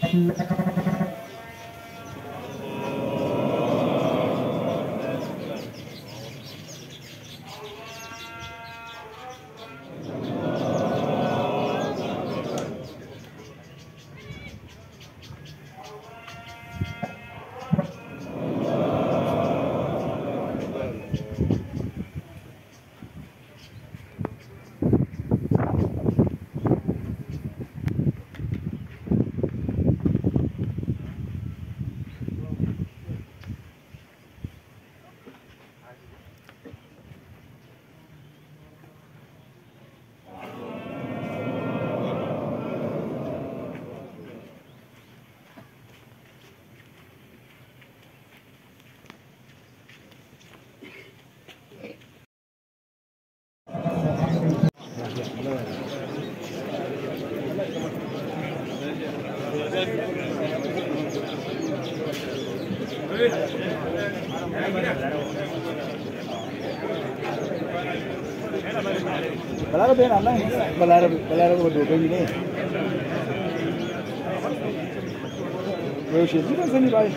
Thank you. Balaro ba yan, Amay? Balaro, balaro ba doon? Ganyan eh. Well, she's not going to buy.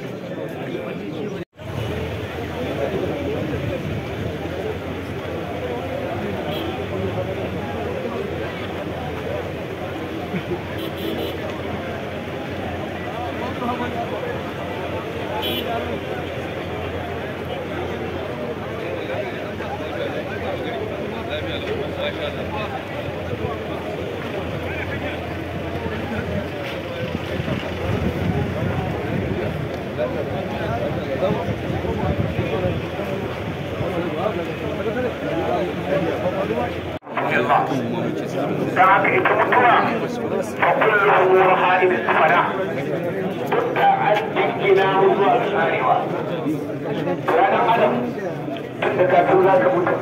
Thank you. da haka ita mutuwa a kullum ruwa ha'ibin fara karewa ranar adam da ka zo za ka mutu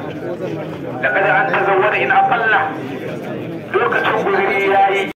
da kada an ta zaune in akalla lokacin guzuri ya yi